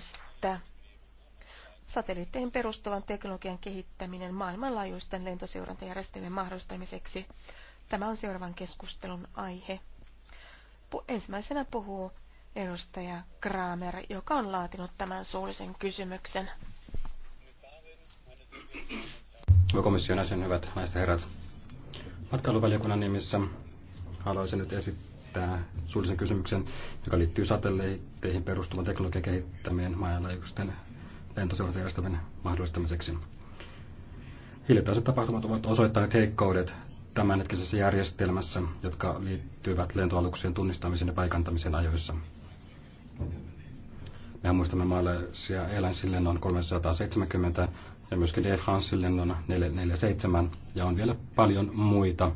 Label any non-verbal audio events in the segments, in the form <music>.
kehittämisestä. Satelliitteihin perustuvan teknologian kehittäminen maailmanlaajuisten lentoseurantajärjestelmien mahdollistamiseksi. Tämä on seuraavan keskustelun aihe. Ensimmäisenä puhuu edustaja Kramer, joka on laatinut tämän suullisen kysymyksen. Komission jäsen, hyvät naiset ja herrat. Matkailuvaliokunnan nimissä haluaisin nyt esittää esittää suullisen kysymyksen, joka liittyy satelliitteihin perustuvan teknologian kehittämien maailmanlaajuisten lentoseurantajärjestelmien mahdollistamiseksi. Hiljattaiset tapahtumat ovat osoittaneet heikkoudet tämänhetkisessä järjestelmässä, jotka liittyvät lentoaluksien tunnistamiseen ja paikantamiseen ajoissa. Me muistamme maalaisia eläinsin lennon 370 ja myöskin Air Francein lennon 447 ja on vielä paljon muita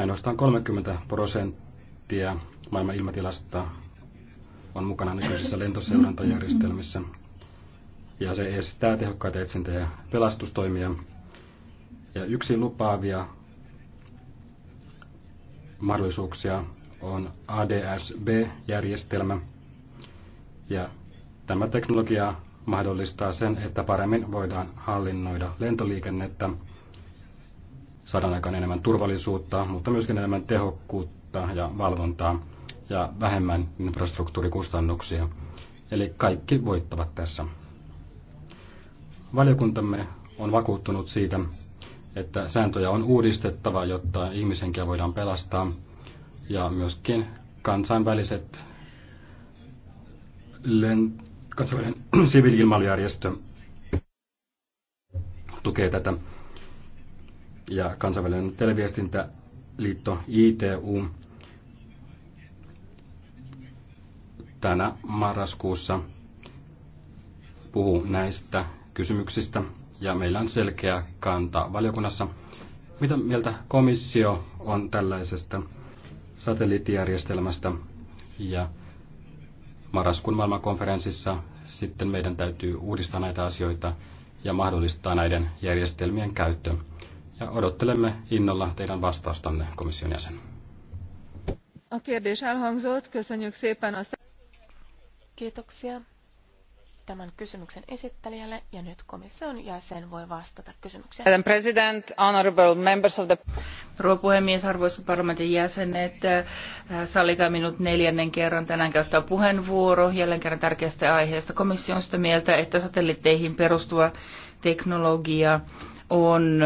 Ainoastaan 30 prosenttia maailman ilmatilasta on mukana nykyisissä lentoseurantajärjestelmissä. Ja se estää tehokkaita etsintä- ja pelastustoimia. Ja yksi lupaavia mahdollisuuksia on ADSB-järjestelmä. Ja tämä teknologia mahdollistaa sen, että paremmin voidaan hallinnoida lentoliikennettä saadaan aikaan enemmän turvallisuutta, mutta myöskin enemmän tehokkuutta ja valvontaa ja vähemmän infrastruktuurikustannuksia. Eli kaikki voittavat tässä. Valiokuntamme on vakuuttunut siitä, että sääntöjä on uudistettava, jotta ihmishenkiä voidaan pelastaa ja myöskin kansainväliset kansainvälinen <clears throat> siviiliilmailujärjestö tukee tätä ja kansainvälinen televiestintäliitto ITU tänä marraskuussa puhuu näistä kysymyksistä ja meillä on selkeä kanta valiokunnassa. Mitä mieltä komissio on tällaisesta satelliittijärjestelmästä ja marraskuun maailmankonferenssissa sitten meidän täytyy uudistaa näitä asioita ja mahdollistaa näiden järjestelmien käyttö ja odottelemme innolla teidän vastaustanne komission jäsen. A kérdés elhangzott, köszönjük szépen a... Kiitoksia tämän kysymyksen esittelijälle ja nyt komission jäsen voi vastata kysymykseen. Madam President, honorable members of the... Rouva puhemies, arvoisat parlamentin jäsenet, äh, sallikaa minut neljännen kerran tänään käyttää puheenvuoro jälleen kerran tärkeästä aiheesta. Komissio on sitä mieltä, että satelliitteihin perustuva teknologia on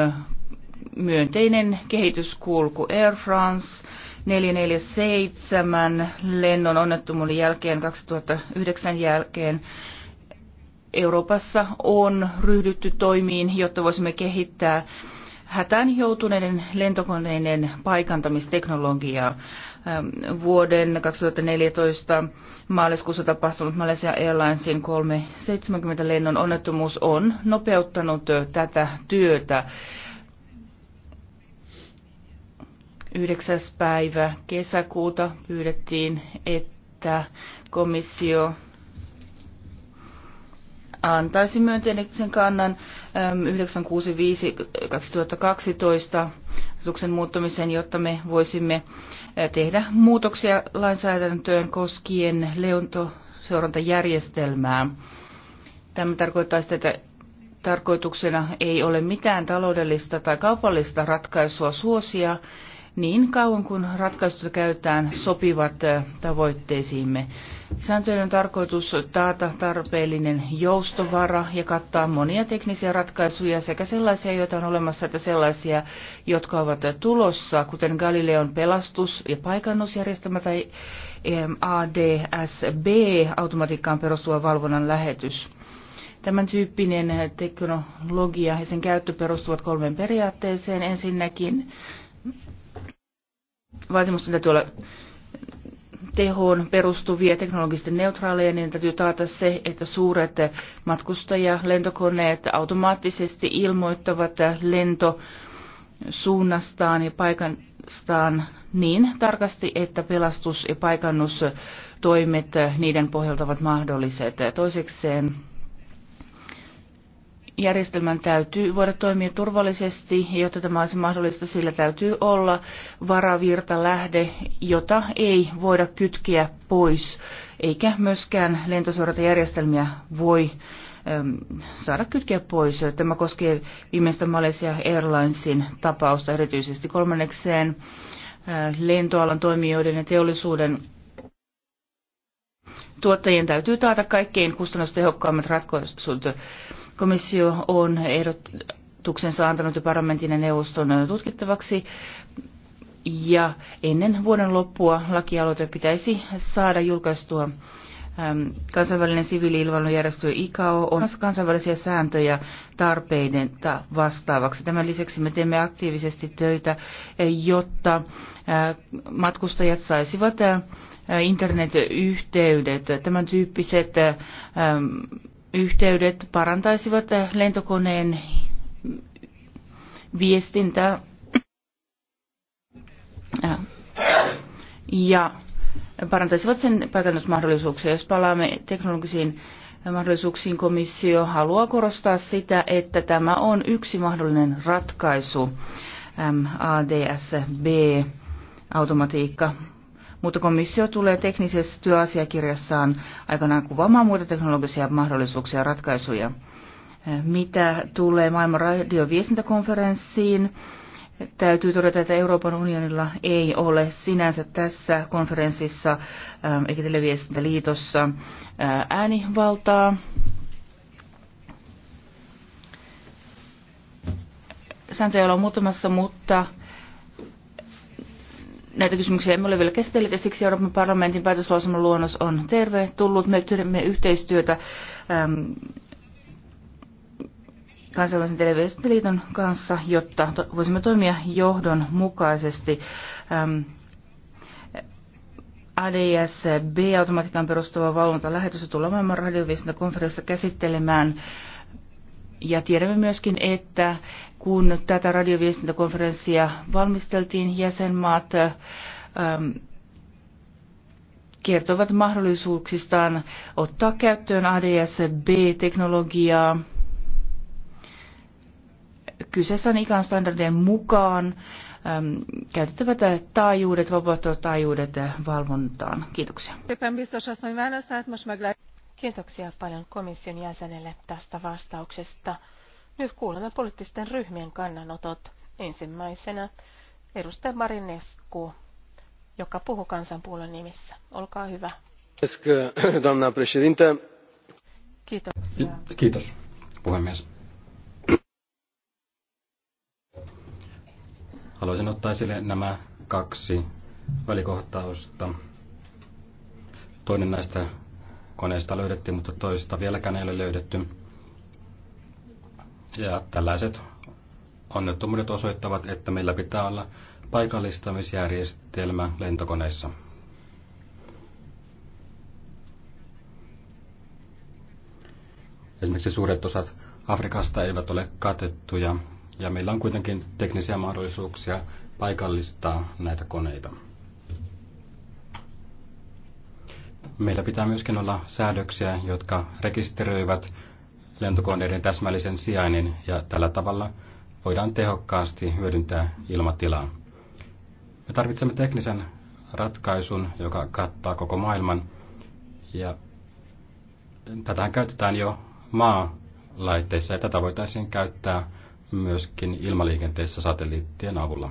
myönteinen kehityskulku. Air France 447 lennon onnettomuuden jälkeen 2009 jälkeen Euroopassa on ryhdytty toimiin, jotta voisimme kehittää hätään joutuneiden lentokoneiden paikantamisteknologiaa. Ähm, vuoden 2014 maaliskuussa tapahtunut Malaysia Airlinesin 370 lennon onnettomuus on nopeuttanut äh, tätä työtä. 9. päivä kesäkuuta pyydettiin, että komissio antaisi myönteisen kannan 965-2012 ähm, asetuksen muuttamiseen, jotta me voisimme äh, tehdä muutoksia lainsäädäntöön koskien leontoseurantajärjestelmää. Tämä tarkoittaa sitä, että tarkoituksena ei ole mitään taloudellista tai kaupallista ratkaisua suosia niin kauan kuin ratkaisut käytetään sopivat tavoitteisiimme. Sääntöjen on tarkoitus taata tarpeellinen joustovara ja kattaa monia teknisiä ratkaisuja sekä sellaisia, joita on olemassa, että sellaisia, jotka ovat tulossa, kuten Galileon pelastus- ja paikannusjärjestelmä tai ADSB, automatiikkaan perustuva valvonnan lähetys. Tämän tyyppinen teknologia ja sen käyttö perustuvat kolmeen periaatteeseen. Ensinnäkin Vaatimusten täytyy olla tehoon perustuvia teknologisesti neutraaleja, niin täytyy taata se, että suuret lentokoneet automaattisesti ilmoittavat lento suunnastaan ja paikastaan niin tarkasti, että pelastus- ja paikannustoimet niiden pohjalta ovat mahdolliset. Toisekseen järjestelmän täytyy voida toimia turvallisesti, ja jotta tämä olisi mahdollista, sillä täytyy olla varavirta lähde, jota ei voida kytkeä pois, eikä myöskään lentosuoratajärjestelmiä voi äm, saada kytkeä pois. Tämä koskee viimeistä Malaysia Airlinesin tapausta erityisesti kolmannekseen äh, lentoalan toimijoiden ja teollisuuden tuottajien täytyy taata kaikkein kustannustehokkaimmat ratkaisut Komissio on ehdotuksensa antanut jo parlamentin ja neuvoston tutkittavaksi. Ja ennen vuoden loppua lakialoite pitäisi saada julkaistua. Kansainvälinen siviili-ilmailujärjestö ICAO on kansainvälisiä sääntöjä tarpeiden vastaavaksi. Tämän lisäksi me teemme aktiivisesti töitä, e, jotta matkustajat saisivat internetyhteydet. Tämän tyyppiset yhteydet parantaisivat lentokoneen viestintää ja parantaisivat sen paikannusmahdollisuuksia. Jos palaamme teknologisiin mahdollisuuksiin, komissio haluaa korostaa sitä, että tämä on yksi mahdollinen ratkaisu ADSB automatiikka mutta komissio tulee teknisessä työasiakirjassaan aikanaan kuvaamaan muita teknologisia mahdollisuuksia ja ratkaisuja. Äh, mitä tulee maailman radioviestintäkonferenssiin, täytyy todeta, että Euroopan unionilla ei ole sinänsä tässä konferenssissa ähm, eikä televiestintäliitossa äh, äänivaltaa. Sääntöjä on muutamassa, mutta näitä kysymyksiä emme ole vielä käsitelleet ja siksi Euroopan parlamentin päätöslauselman luonnos on terve. tullut. Me teemme yhteistyötä äm, kansainvälisen televisioliiton kanssa, jotta to, voisimme toimia johdonmukaisesti. Äm, ads b automatiikan perustuva lähetys tulee maailman radioviestintäkonferenssissa käsittelemään äh, ja tiedämme myöskin, että kun tätä radioviestintäkonferenssia valmisteltiin, jäsenmaat ähm, kertovat mahdollisuuksistaan ottaa käyttöön ADS-B-teknologiaa. Kyseessä on ikan standardien mukaan ähm, käytettävät taajuudet, vapautuvat taajuudet valvontaan. Kiitoksia. Kiitoksia paljon komission jäsenelle tästä vastauksesta. Nyt kuulemme poliittisten ryhmien kannanotot. Ensimmäisenä edustaja Marinescu, joka puhuu kansanpuolen nimissä. Olkaa hyvä. Kiitos. Kiitos, puhemies. Haluaisin ottaa esille nämä kaksi välikohtausta. Toinen näistä koneesta löydettiin, mutta toista vieläkään ei ole löydetty. Ja tällaiset onnettomuudet osoittavat, että meillä pitää olla paikallistamisjärjestelmä lentokoneissa. Esimerkiksi suuret osat Afrikasta eivät ole katettuja ja meillä on kuitenkin teknisiä mahdollisuuksia paikallistaa näitä koneita. Meillä pitää myöskin olla säädöksiä, jotka rekisteröivät lentokoneiden täsmällisen sijainnin ja tällä tavalla voidaan tehokkaasti hyödyntää ilmatilaa. Me tarvitsemme teknisen ratkaisun, joka kattaa koko maailman ja tätähän käytetään jo maalaitteissa ja tätä voitaisiin käyttää myöskin ilmaliikenteessä satelliittien avulla.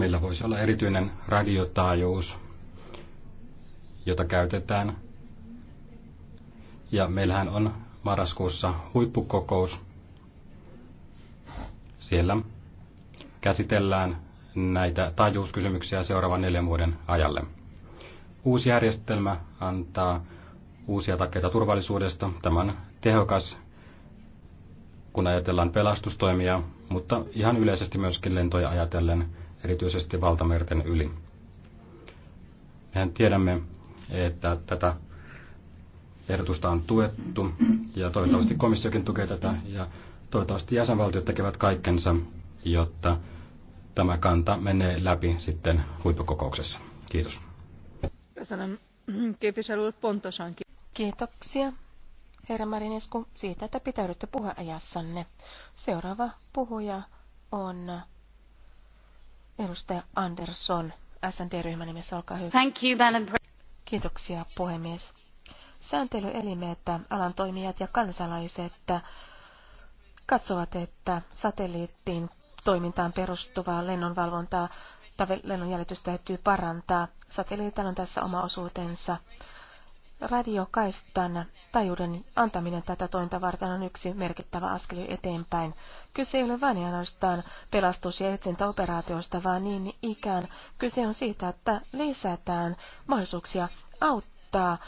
Meillä voisi olla erityinen radiotaajuus, jota käytetään. Ja meillähän on marraskuussa huippukokous. Siellä käsitellään näitä taajuuskysymyksiä seuraavan neljän vuoden ajalle. Uusi järjestelmä antaa uusia takeita turvallisuudesta. Tämä on tehokas, kun ajatellaan pelastustoimia, mutta ihan yleisesti myöskin lentoja ajatellen erityisesti valtamerten yli. Mehän tiedämme, että tätä ehdotusta on tuettu ja toivottavasti komissiokin tukee tätä ja toivottavasti jäsenvaltiot tekevät kaikkensa, jotta tämä kanta menee läpi sitten huippukokouksessa. Kiitos. Kiitoksia, herra Marinesku, siitä, että pitäydytte puheajassanne. Seuraava puhuja on Edustaja Andersson, SND-ryhmän nimessä, olkaa hyvä. Thank you, Madam Kiitoksia, puhemies. Sääntelyelimet, alan toimijat ja kansalaiset katsovat, että satelliittiin toimintaan perustuvaa lennonvalvontaa tai lennonjäljitystä täytyy parantaa. Satelliitilla on tässä oma osuutensa radiokaistan tajuuden antaminen tätä tointa varten on yksi merkittävä askel eteenpäin. Kyse ei ole vain ainoastaan pelastus- ja etsintäoperaatioista, vaan niin ikään kyse on siitä, että lisätään mahdollisuuksia auttaa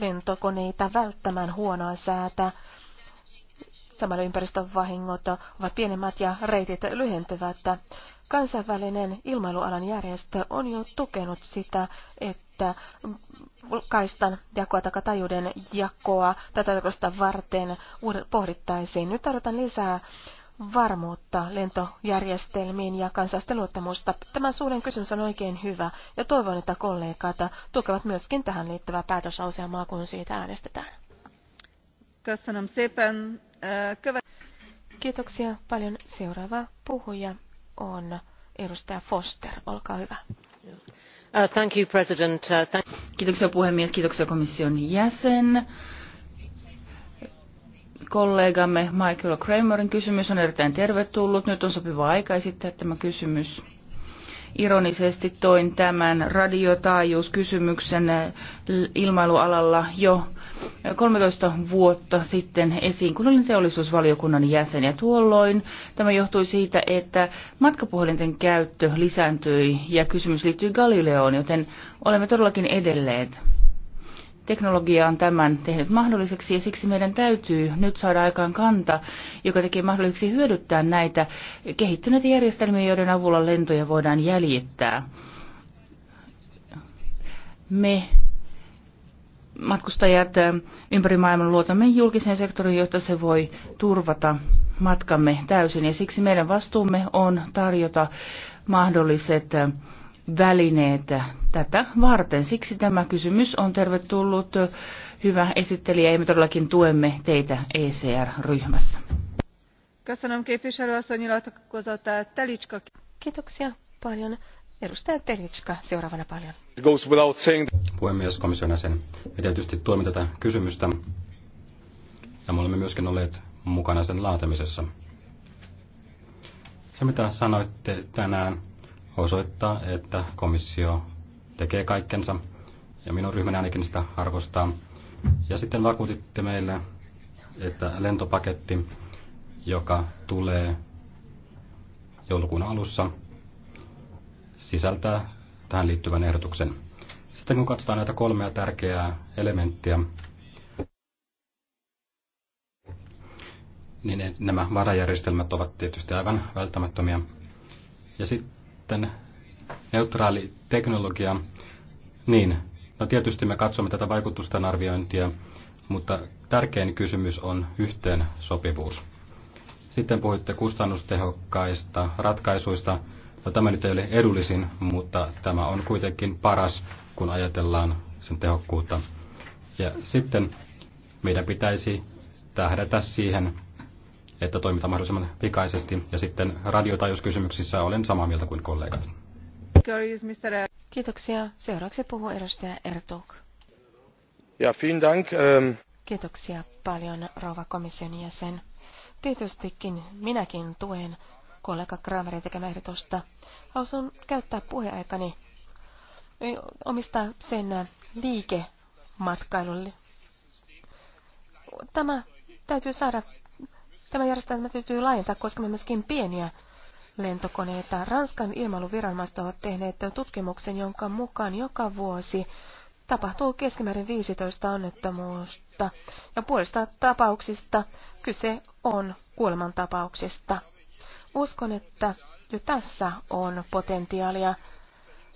lentokoneita välttämään huonoa säätä. Samalla ympäristövahingot ovat pienemmät ja reitit lyhentyvät. Kansainvälinen ilmailualan järjestö on jo tukenut sitä, että kaistan jakoa tai tajuuden jakoa tätä tarkoista varten pohdittaisiin. Nyt tarvitaan lisää varmuutta lentojärjestelmiin ja kansalaisten luottamusta. Tämä suuren kysymys on oikein hyvä ja toivon, että kollegat tukevat myöskin tähän liittyvää päätösauselmaa, kun siitä äänestetään. Kiitoksia paljon. Seuraava puhuja on edustaja Foster. Olkaa hyvä. Uh, thank you, President. Uh, kiitoksia puhemies, kiitoksia komission jäsen. Kollegamme Michael Kramerin kysymys on erittäin tervetullut. Nyt on sopiva aika esittää tämä kysymys ironisesti toin tämän radiotaajuuskysymyksen ilmailualalla jo 13 vuotta sitten esiin, kun olin teollisuusvaliokunnan jäsen. Ja tuolloin tämä johtui siitä, että matkapuhelinten käyttö lisääntyi ja kysymys liittyy Galileoon, joten olemme todellakin edelleet Teknologia on tämän tehnyt mahdolliseksi ja siksi meidän täytyy nyt saada aikaan kanta, joka tekee mahdolliseksi hyödyttää näitä kehittyneitä järjestelmiä, joiden avulla lentoja voidaan jäljittää. Me matkustajat ympäri maailman luotamme julkiseen sektoriin, jotta se voi turvata matkamme täysin. Ja siksi meidän vastuumme on tarjota mahdolliset välineitä tätä varten. Siksi tämä kysymys on tervetullut. Hyvä esittelijä, ja me todellakin tuemme teitä ECR-ryhmässä. Kiitoksia paljon. Edustaja Telitska, seuraavana paljon. Puhemies, komission jäsen. Me tietysti tuemme tätä kysymystä ja me olemme myöskin olleet mukana sen laatimisessa. Se, mitä sanoitte tänään osoittaa, että komissio tekee kaikkensa, ja minun ryhmäni ainakin sitä arvostaa. Ja sitten vakuutitte meille, että lentopaketti, joka tulee joulukuun alussa, sisältää tähän liittyvän ehdotuksen. Sitten kun katsotaan näitä kolmea tärkeää elementtiä, niin nämä varajärjestelmät ovat tietysti aivan välttämättömiä. Ja sitten sitten neutraali teknologia, niin no tietysti me katsomme tätä vaikutusten arviointia, mutta tärkein kysymys on yhteen sopivuus. Sitten puhuitte kustannustehokkaista ratkaisuista. No tämä nyt ei ole edullisin, mutta tämä on kuitenkin paras, kun ajatellaan sen tehokkuutta. Ja sitten meidän pitäisi tähdätä siihen, että toimitaan mahdollisimman pikaisesti. Ja sitten kysymyksissä olen samaa mieltä kuin kollegat. Kiitoksia. Seuraavaksi puhuu edustaja Ertug. Ja, vielen dank. Ähm. Kiitoksia paljon, rouva komission jäsen. Tietystikin minäkin tuen kollega Kramerin tekemää ehdotusta. Haluaisin käyttää puheaikani omista sen liikematkailulle. Tämä täytyy saada Tämä järjestelmä täytyy laajentaa koskemaan myöskin pieniä lentokoneita. Ranskan ilmailuviranomaiset ovat tehneet tutkimuksen, jonka mukaan joka vuosi tapahtuu keskimäärin 15 onnettomuutta, ja puolesta tapauksista kyse on kuolemantapauksista. Uskon, että jo tässä on potentiaalia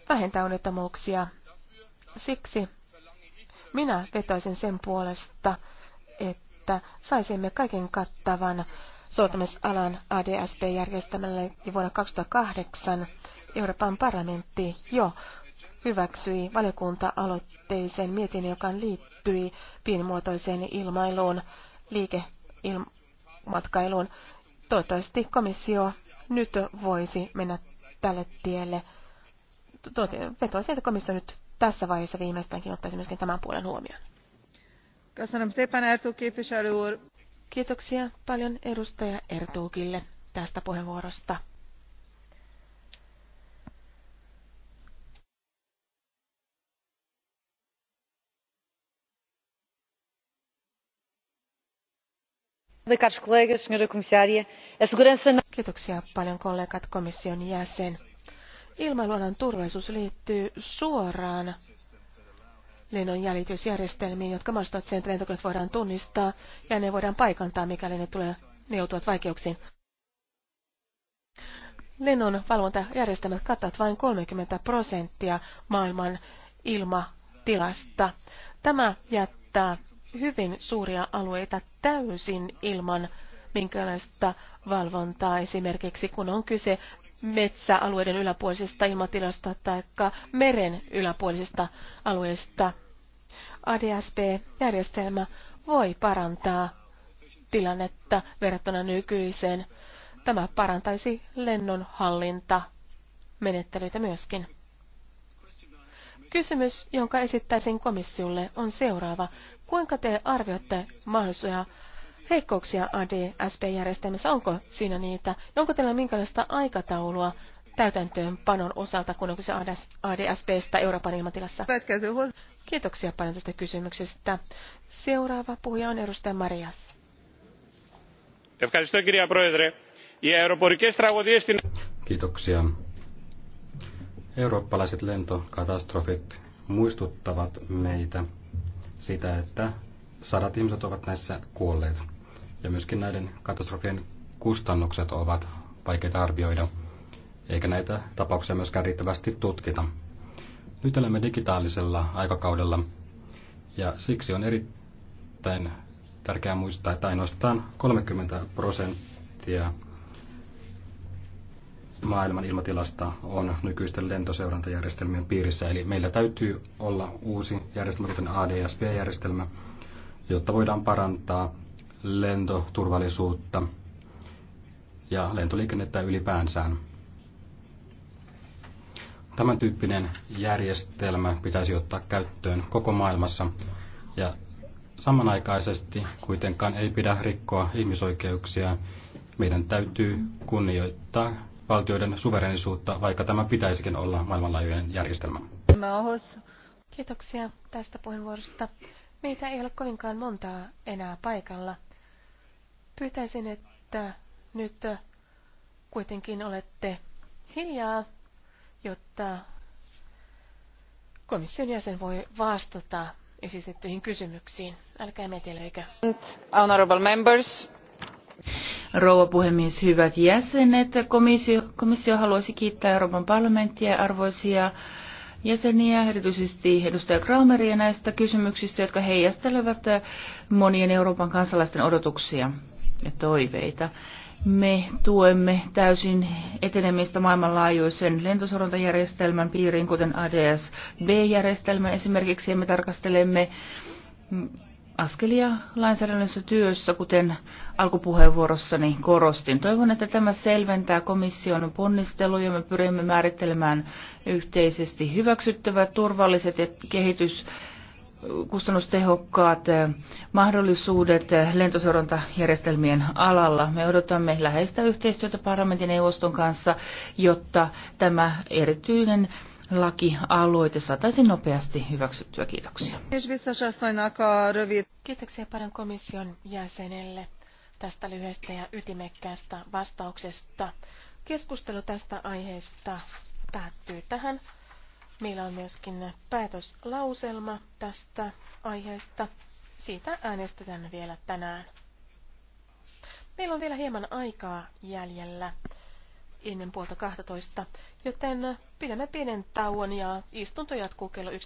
vähentää onnettomuuksia. Siksi minä vetäisin sen puolesta, että että saisimme kaiken kattavan soveltamisalan adsp järjestelmälle ja vuonna 2008 Euroopan parlamentti jo hyväksyi valiokunta-aloitteisen mietinnön, joka liittyi pienimuotoiseen ilmailuun, liikematkailuun. Toivottavasti komissio nyt voisi mennä tälle tielle. Vetoisin, että komissio nyt tässä vaiheessa viimeistäänkin ottaisi myöskin tämän puolen huomioon. Kiitoksia paljon edustaja Ertuukille tästä puheenvuorosta. Kiitoksia paljon kollegat komission jäsen. Ilmailualan turvallisuus liittyy suoraan lennon jotka mahdollistavat sen, että lentokoneet voidaan tunnistaa ja ne voidaan paikantaa, mikäli ne, tulee, ne joutuvat vaikeuksiin. Lennon valvontajärjestelmät kattavat vain 30 prosenttia maailman ilmatilasta. Tämä jättää hyvin suuria alueita täysin ilman minkälaista valvontaa esimerkiksi, kun on kyse metsäalueiden yläpuolisesta ilmatilasta tai meren yläpuolisesta alueesta. ADSB-järjestelmä voi parantaa tilannetta verrattuna nykyiseen. Tämä parantaisi lennonhallinta menettelyitä myöskin. Kysymys, jonka esittäisin komissiolle, on seuraava. Kuinka te arvioitte mahdollisia heikkouksia ADSP-järjestelmässä? Onko siinä niitä? No, onko teillä minkälaista aikataulua täytäntöönpanon osalta, kun on kyse ADSPstä Euroopan ilmatilassa? Kiitoksia paljon tästä kysymyksestä. Seuraava puhuja on edustaja Marias. Kiitoksia. Eurooppalaiset lentokatastrofit muistuttavat meitä sitä, että sadat ihmiset ovat näissä kuolleet. Ja myöskin näiden katastrofien kustannukset ovat vaikeita arvioida, eikä näitä tapauksia myöskään riittävästi tutkita. Nyt elämme digitaalisella aikakaudella, ja siksi on erittäin tärkeää muistaa, että ainoastaan 30 prosenttia maailman ilmatilasta on nykyisten lentoseurantajärjestelmien piirissä. Eli meillä täytyy olla uusi järjestelmä, kuten b järjestelmä jotta voidaan parantaa lentoturvallisuutta ja lentoliikennettä ylipäänsään. Tämän tyyppinen järjestelmä pitäisi ottaa käyttöön koko maailmassa ja samanaikaisesti kuitenkaan ei pidä rikkoa ihmisoikeuksia. Meidän täytyy kunnioittaa valtioiden suverenisuutta, vaikka tämä pitäisikin olla maailmanlaajuinen järjestelmä. Kiitoksia tästä puheenvuorosta. Meitä ei ole kovinkaan montaa enää paikalla. Pyytäisin, että nyt kuitenkin olette hiljaa, jotta komission jäsen voi vastata esitettyihin kysymyksiin. Älkää metelöikö. Honorable members. Rouva puhemies, hyvät jäsenet. Komissio, komissio haluaisi kiittää Euroopan parlamenttia arvoisia jäseniä, erityisesti edustaja Kraumeria näistä kysymyksistä, jotka heijastelevat monien Euroopan kansalaisten odotuksia ja toiveita. Me tuemme täysin etenemistä maailmanlaajuisen lentosorontajärjestelmän piiriin, kuten ADS-B-järjestelmän esimerkiksi, me tarkastelemme askelia lainsäädännössä työssä, kuten alkupuheenvuorossani korostin. Toivon, että tämä selventää komission ponnisteluja. Me pyrimme määrittelemään yhteisesti hyväksyttävät, turvalliset ja kehitys kustannustehokkaat mahdollisuudet lentosorontajärjestelmien alalla. Me odotamme läheistä yhteistyötä parlamentin neuvoston kanssa, jotta tämä erityinen lakialoite saataisiin nopeasti hyväksyttyä. Kiitoksia. Kiitoksia paljon komission jäsenelle tästä lyhyestä ja ytimekkäästä vastauksesta. Keskustelu tästä aiheesta päättyy tähän. Meillä on myöskin päätöslauselma tästä aiheesta. Siitä äänestetään vielä tänään. Meillä on vielä hieman aikaa jäljellä ennen puolta 12, joten pidämme pienen tauon ja istunto jatkuu kello 11.30.